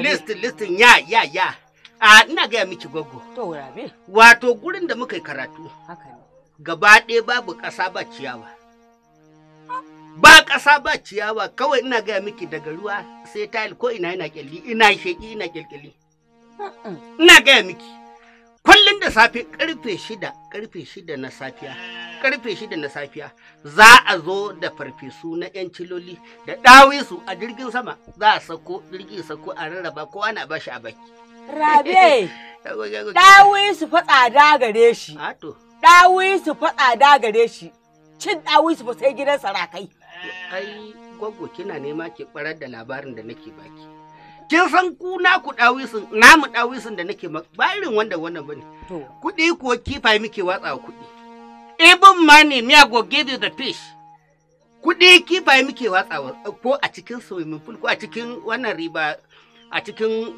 list listin ya ya ya a ina gaya miki gwaggo to wato gurin da muka yi karatu haka ne gaba ɗaya babu ƙasa ba ciyawa ba ƙasa ba ciyawa kawai ina gaya miki daga ruwa sai tayil ko ina yana kyalli ina sheƙi ina kyalkyali ina gaya miki kullum da safe karfe shida karfe shida na safiya karfe shida na safiya za a zo da farfesu na 'yan ciloli da su a jirgin sama za a sako jirgin sako a rarraba ko ana ba shi a baki. Rabe, ɗawisu su fatsa dagare shi. Ɗawisu su fatsa dagare shi. Cin ɗawisu su sai gidan sarakai. Ai, gwaggo kina nema ke kwarar da labarin da nake baki. kin san ku na ku su, namu su da nake ba irin wanda wannan bane kuɗi ko kifa muke watsa kuɗi Even money, me I go give you the fish. Kuɗi kifaye muke watsawa eh, ko a cikin swimming pool ko a cikin wannan riba a cikin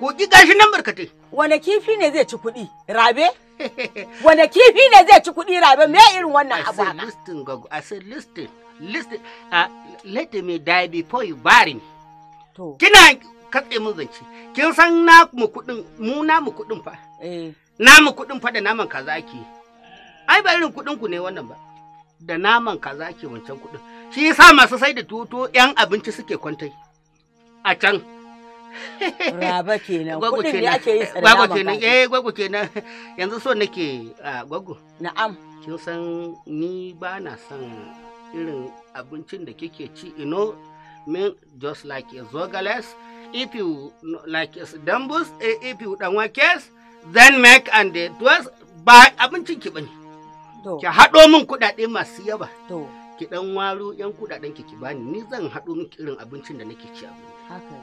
koki gashi nan barkatai. Wane kifi ne zai ci kuɗi? Rabe? Wane kifi ne zai ci kuɗi rabe? Me irin wannan abu haka? I say listen Gogo, I said listen, listen, uh, let me die before you bury me. To. Kina katse mun zance. Kin san na mu kuɗin, mu na mu kuɗin fa. Eh. Na mu kuɗin fa da naman kaza ake. ai ba irin kuɗin ku ne wannan ba da naman kaza ke wancan kuɗin shi yasa masu sai da tuwo yan abinci suke kwantai a can raba kenan kuɗin ne ake yi tsada gwago kenan eh gwago kenan yanzu so nake a gwago na'am kin san ni ba na son irin abincin da kike ci you know mean just like a zogales if you like a dambus eh, if you dan wakes then make and the twas ba abincin ki bane ki haɗo min kuɗaɗe masu yawa ki ɗan waro yan kuɗaɗen ki ki bani ni zan haɗo min irin abincin da nake ci abu.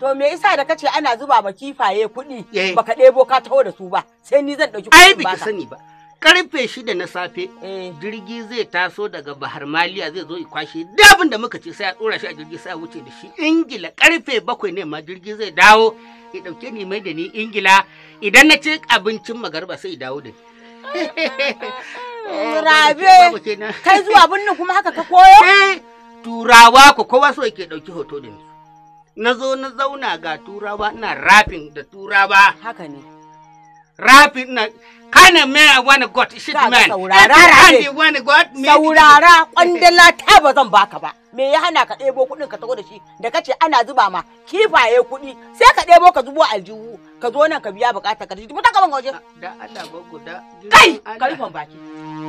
to me yasa da kace ana zuba ma kifaye kuɗi eh. baka ɗebo ka taho da su ba sai ni zan ɗauki kuɗi ba ai sani ba karfe shida na safe eh. jirgi zai taso daga bahar maliya zai zo kwashe dabin da muka ce sai a tsora shi a jirgi sai a wuce da shi ingila karfe bakwai ne ma jirgi zai dawo ya dauke ni mai da ni ingila idan na ci abincin magarba sai dawo da ni Eh, Rabe, kai zuwa binnin kuma haka ka koyo? Eh, turawa ku kowa so yake ɗauki hoto da ni. Na zo na zauna ga turawa ina rafin da turawa. Haka ne. rapid na kana me I want a god shit man saurara you want a god me saurara kwandala ta ba zan baka ba me ya hana ka ɗebo kuɗin ka tago da shi da kace ana zuba ma kifaye kuɗi sai ka ɗebo ka zubo aljihu ka zo nan ka biya bukatar ka mutan ka ban waje ah, da Allah ba ku da kai ka rufe baki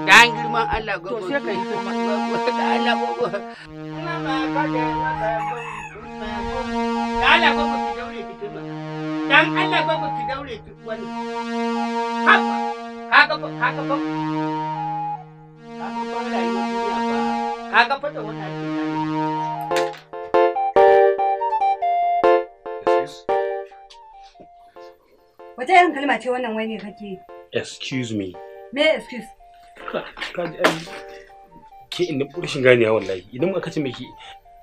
dan girman Allah go to sai ka yi da Allah go ina ma ka da Allah go ki daure ki Dan Allah ba ba ki daure ki wani. Haka, kaga ba, kaga ba. Kaga ba rayuwar duniya ba. Kaga fa da wani ake Wata yan kalma ce wannan wai ne kake? Excuse me. Me excuse? Ka ji ai ke inda rashin ganewa wallahi idan muka ce miki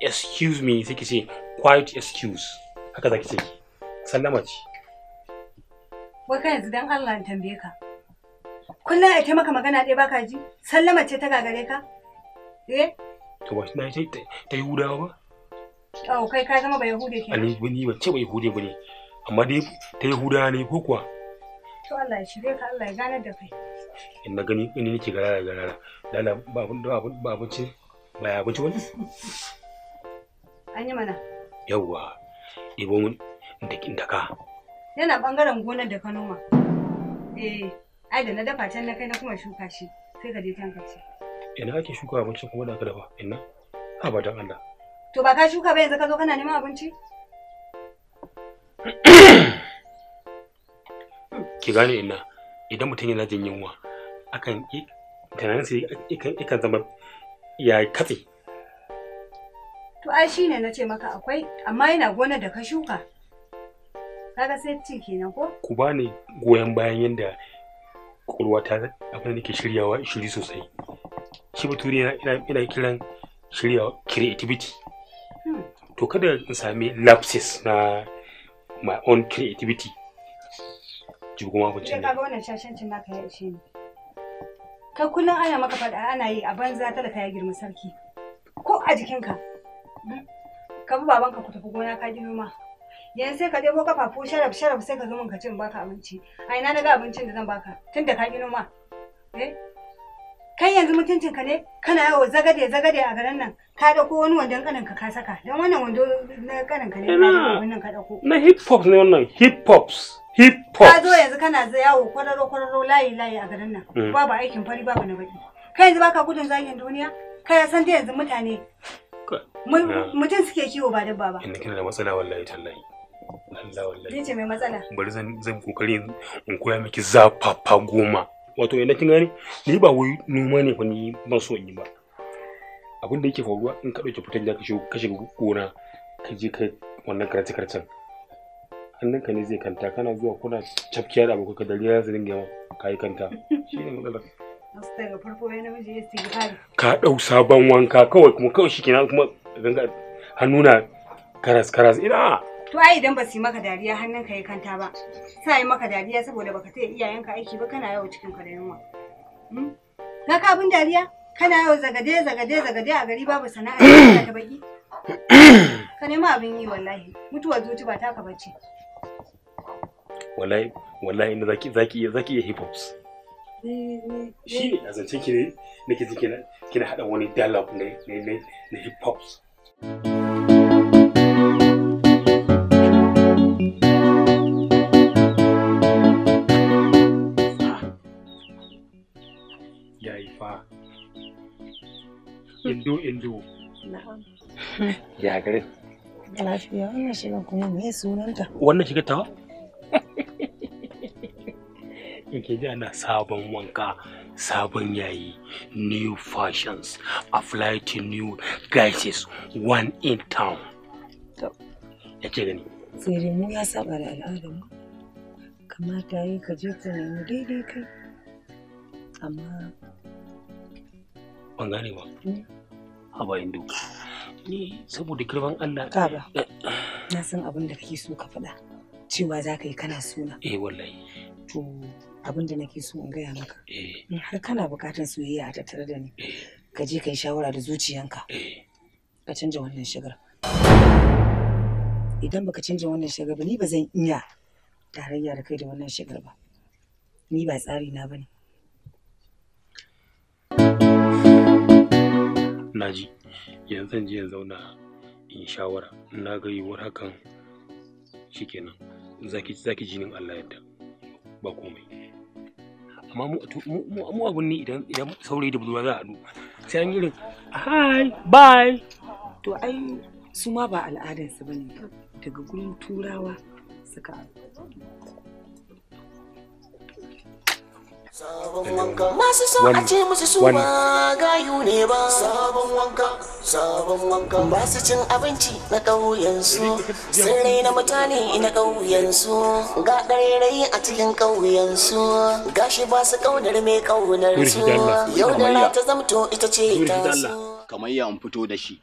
excuse me sai ki ce quiet excuse haka zaki ce. sallama ce wai kai yanzu dan Allah in tambaye ka kullum ai maka magana ɗaya baka ji sallama ce ta gagare ka eh to ba na ce ta yahudawa ba oh kai ka zama ba yahude ke ni ni ba ce ba yahude ba ne amma dai ta yahudawa ne ko kuwa to Allah ya shirye ka Allah ya gane da kai in na gani in nake garara garara lala ba abun da ba abinci ba ya abinci wani an yi mana yawwa ibo dakin daka yana bangaren gonar da ka noma eh ai da na dafa can na kai na kuma shuka shi sai ka je can ka ci ina kake shuka abinci kuma da ka dafa ina abadan Allah to ba ka shuka ba yanzu ka zo kana neman abinci ki gane ina idan mutum yana jin yunwa akan yi tunanin sai ikan zama ya katse to ai shine na ce maka akwai amma yana gonar da ka shuka kaga sai ci kenan ko ku bani goyon bayan yadda kwakwalwa ta abin da nake shiryawa shiri sosai shi bature ina kiran shirya creativity hmm. to kada in sami lapses na my own creativity ji kuma ku ce kaga wannan shashancin naka ya ce kai kullum ana maka faɗa ana yi a banza talaka ya girma sarki ko a jikinka hmm. ka bi babanka ku tafi gona ka ji yanzu sai ka kafa kafafu sharaf sharaf sai ka zo mun ka cin baka abinci a ina na ga abincin da zan baka tun da ka gino ma eh? kai yanzu mutuncin ka ne kana yawo zagade zagade a garin nan ka dauko wani wandon kanin ka saka dan wannan wando na kanin ka ne wannan ka dauko na hip hop ne wannan hip hop hip hop ka zo yanzu kana yawo kwararo kwararo layi layi a garin nan mm. babu aikin fari babu na baki kai yanzu baka gudun zagin duniya kai san dai yanzu mutane mutum suke kiwo ba dabba ba inda kina da matsala wallahi tallahi Ni ce mai matsala. Bari zan zan kokari in koya miki zafafa goma. Wato idan kin gane ni ba wai noma ne fa ni ban so in yi ba. Abin da yake faruwa in ka dauki fitan da ka shigo ka shiga gona ka je ka wannan karatu karatun. Hannun ka ne zai kanta kana zuwa kuna cafkiya da abokan ka da riya su dinga yi kanta. Shi ne matsalar. Ka ɗau sabon wanka kawai kuma kawai shi kenan kuma ganga hannuna karas karas ina To ai idan ba su yi maka dariya hannun ka ya kanta ba. Sa yi maka dariya saboda baka taya iyayenka aiki ba kana yawo cikin ka da yunwa. Hmm? Ga ka abin dariya? Kana yawo zagade zagade zagade a gari babu sana'a da ta baki. Ka nema abin yi wallahi. Mutuwar zuci ba taka bace. Wallahi wallahi ina zaki zaki zaki iya hip hop eh, eh, eh. Shi ne a zance ki ne nake ji kina kina hada wani dialogue ne ne hip hop thank you Indo Indo. Na'am. Ya gare. Lafiya wannan shigan kuma me sunanta? Wannan shigar tawa? Yake ji ana sabon wanka, sabon yayi, new fashions, apply to new guises, one in town. Ya ce gani. Tsere mu ya saba da al'adarmu. Kamata yi ka je ka nemi daidai kai. Amma. Ban gane ba. Hmm? a bayan doka ni saboda girman Allah baba eh, na san abin da kake so ka faɗa cewa za ka yi kana suna eh wallahi to abin da nake so in gaya maka eh. in har kana bukatar soyayya a tattare da ni eh. ka je ka shawara da zuciyanka ka canja wannan shigar idan baka canja wannan shigar ba ni ba zan iya tarayya da kai da wannan shigar ba ni ba tsari na bane na ji yanzu zan je yanzu zauna in shawara na ga yiwuwar hakan shi kenan zaki jinin Allah yadda ba komai amma mu mu abun ne idan idan saurayi da buzuwa za a haɗu sai an irin hi bye to ai su ma ba al'adarsu bane daga gurin turawa suka masu so a ce musu su ma gayu ne ba sabon wanka sabon wanka ba su cin abinci na ƙauyensu sun raina mutane na ƙauyensu ga ɗarirai a cikin ƙauyensu gashi ba su ƙaunar mai ƙaunarsu yau da ta zamto ita ce ta kamar ya fito da shi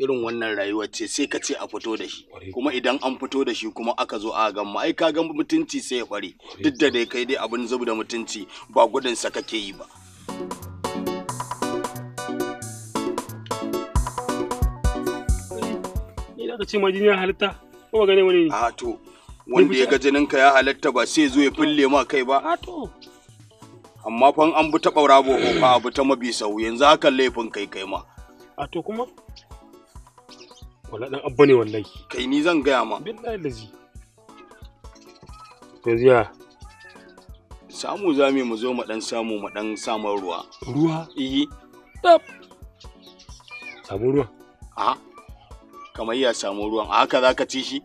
irin wannan rayuwar ce sai ka ce a fito da shi kuma idan an fito da shi kuma aka zo a gan ai ka gan mutunci sai ya kware duk da dai kai dai abin zub da mutunci ba gudun sa kake yi ba ni da majin ya halitta ko ba gane wani ne a to wanda ya ga ka ya halatta ba sai zo ya fille ma kai ba a to amma fa an bi ta ɓaura boho fa abu ta mabi sau yanzu haka laifin kai kai ma a to kuma wala dan abba ne wallahi kai ni zan gaya ma billahi lazi to ziya samu zame mu zo mu dan samu mu dan samun ruwa ruwa eh tab samu ruwa a kamar ya samu ruwan a haka zaka ci shi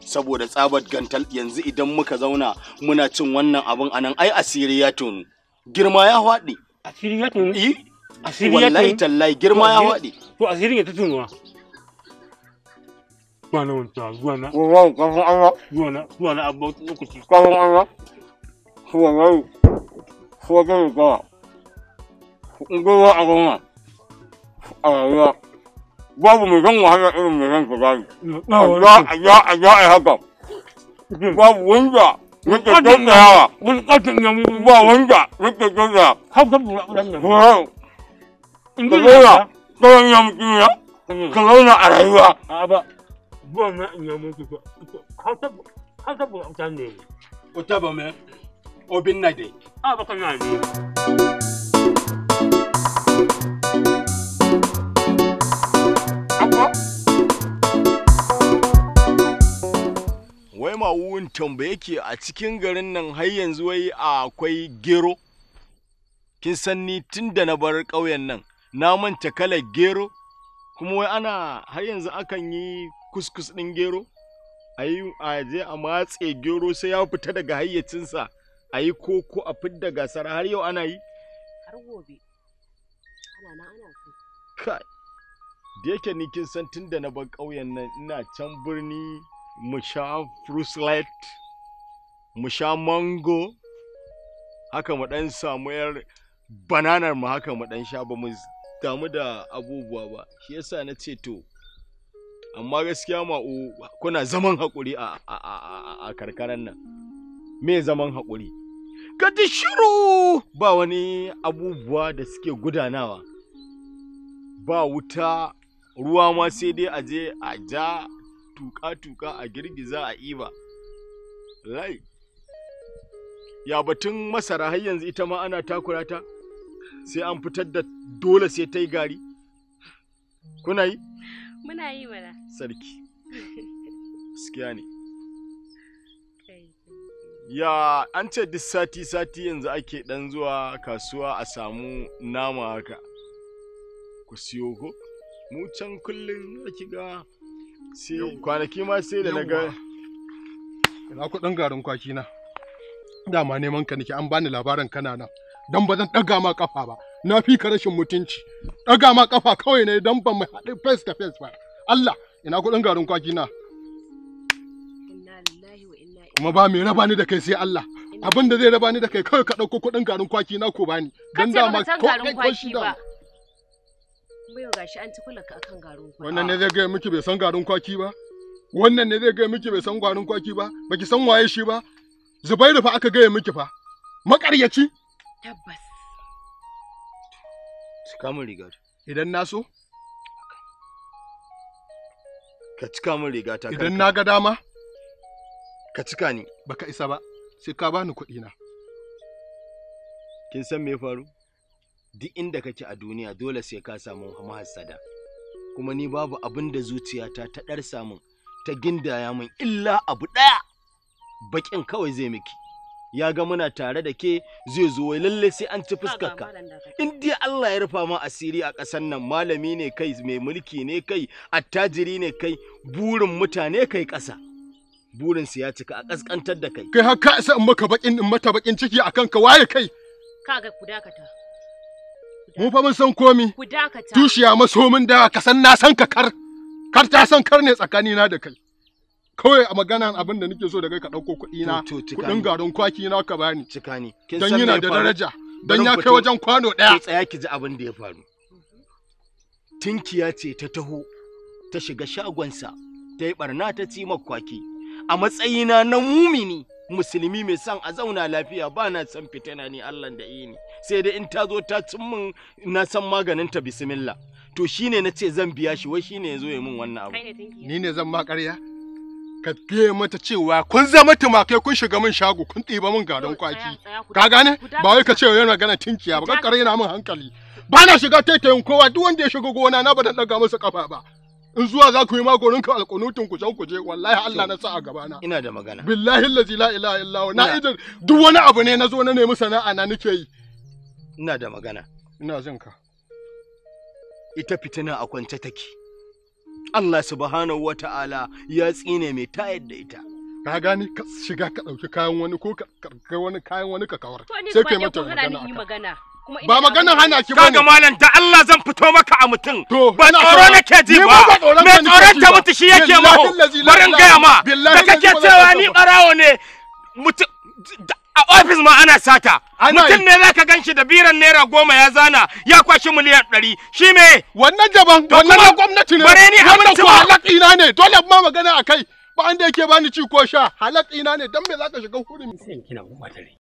saboda tsabar gantal yanzu idan muka zauna muna cin wannan abin anan ai asiri ya tun girma ya faɗi asiri ya tonu eh asiri ya tonu wallahi tallahi girma ya faɗi to asirin ya tunuwa zuwa na wanta zuwa na zuwa na kafin Allah zuwa na a goma rayuwa babu mai zan wahala irin mai zan gabari a za a za a yi haka babu wanda nake tausayawa ba wanda ya a rayuwa bɔɔna nyamu kikɛ hausa bɔ ta o ta mɛ o na de. a bɛ ka na ye. wai ma wuwun tambaye ke a cikin garin nan har yanzu wai akwai gero kin san ni tun da na bar ƙauyen nan na manta kalar gero kuma wai ana har yanzu akan yi kuskus ɗin gero a yi a je a matse gero sai ya fita daga hayyacinsa a yi koko a fidda gasar har yau ana yi har gobe ana na ana kai da yake ni kin san tunda na bar ƙauyen nan ina can birni mu sha fruit mu sha mango haka mu dan samu yar bananar mu haka mu dan sha ba mu damu da abubuwa ba shi yasa na ce to amma gaskiya ma'u kuna zaman haƙuri a karkaran nan me zaman haƙuri ka shiru ba wani abubuwa da suke gudanawa ba wuta ruwa ma sai dai a je a ja tuka-tuka a girgiza a iba lai ya batun masara har yanzu ita ma ana takura ta sai an fitar da dole sai ta yi gari kuna yi muna yi mana sarki gaskiya ne ya an ce duk sati sati yanzu ake dan zuwa kasuwa a samu nama haka ku siyo ko mu can kullum ki ga sai kwanaki ma sai da na naga ina ɗan garin kwaki na dama neman ka nake an bani labarin kana nan don ba zan ɗaga ma kafa ba na fi ka rashin mutunci ɗaga ma kafa kawai ne don ban mai haɗu face to face ba Allah ina kuɗin garin kwaki na kuma ba mai raba ni da kai sai Allah abin da zai raba ni da kai kawai ka ɗauko kuɗin garin kwaki na ko bani dan da ma ko kai ko shi da wannan ne zai gaya miki bai san garin kwaki ba wannan ne zai gaya miki bai san garin kwaki ba baki san waye shi ba Zubairu fa aka gaya miki fa maƙaryaci Tabbas. Cika min riga. Idan na so? Ka cika min riga ta Idan na ga dama? Ka cika ni. Baka isa ba, sai ka bani kuɗi na. Kin san me faru? Duk inda kake a duniya dole sai ka samu mahassada. Kuma ni babu abin da zuciyata ta ɗar samun ta gindaya min illa abu ɗaya. Baƙin kawai zai miki. ya ga muna tare da ke zai zo wai lalle sai an ci fuskarka in dai Allah ya rufa ma asiri a ƙasar nan malami ne kai mai mulki ne kai attajiri ne kai burin mutane kai ƙasa burin su ya cika a ƙasƙantar da kai kai haka isa in maka bakin in mata bakin ciki akan ka waye kai kaga ku dakata mu fa mun san komi ku dakata tushiya maso mun da ka san na san ka kar kar ta san kar ne tsakanina da kai kawai a maganan abin da nake so da kai ka ɗauko kuɗi na kuɗin garin kwaki na ka bani cika ni don yana da daraja don ya kai wajen kwano ɗaya tsaya ki ji abin da ya faru tinkiya ce ta taho ta shiga shagonsa ta yi barna ta ci kwaki a matsayina na mumini musulmi mai son a zauna lafiya ba na son fitina ni Allah da yi ni sai dai in ta zo ta cin min na san maganin ta bismillah to shine na ce zan biya shi wai shine ya zo ya min wannan abu ni ne zan ma ƙarya ka gaya mata cewa kun zama tumakai kun shiga min shago kun ɗiba min gadon kwaki ka gane ba wai ka ce yana gana tinkiya ba kakkare yana min hankali ba na shiga taitayin kowa duk wanda ya shiga gona na ba da daga masa kafa ba in zuwa za ku yi magonin ka alƙunutun ku can ku je wallahi Allah na sa a gabana ina da magana billahi allazi la ilaha illa na idan duk wani abu ne na zo na nemi sana'a na nake yi ina da magana ina jin ka ita fitina a kwance take Allah subhanahu wa ta'ala ya tsine mai ta yadda ita. Ka gani ka shiga ka ɗauki kayan wani ko ka kai wani kayan wani ka kawar. Sai kai mata magana. Ba magana hana ki bane. Kaga malam da Allah zan fito maka a mutum. Ba tsoro nake ji ba. Me tsoro ta mutu shi yake maho. Barin ga ma. Da kake cewa ni barawo ne. Mutum. a ofis ma ana sata mutum ne zaka ka ganshi da biran naira goma ya zana ya kwashi miliyan ɗari shi me wannan jaban wannan na gwamnati ne wannan ko ina ne dole ma magana akai kai ba an da yake bani ci ko sha halakina ne dan me za ka shiga hurumi sai kina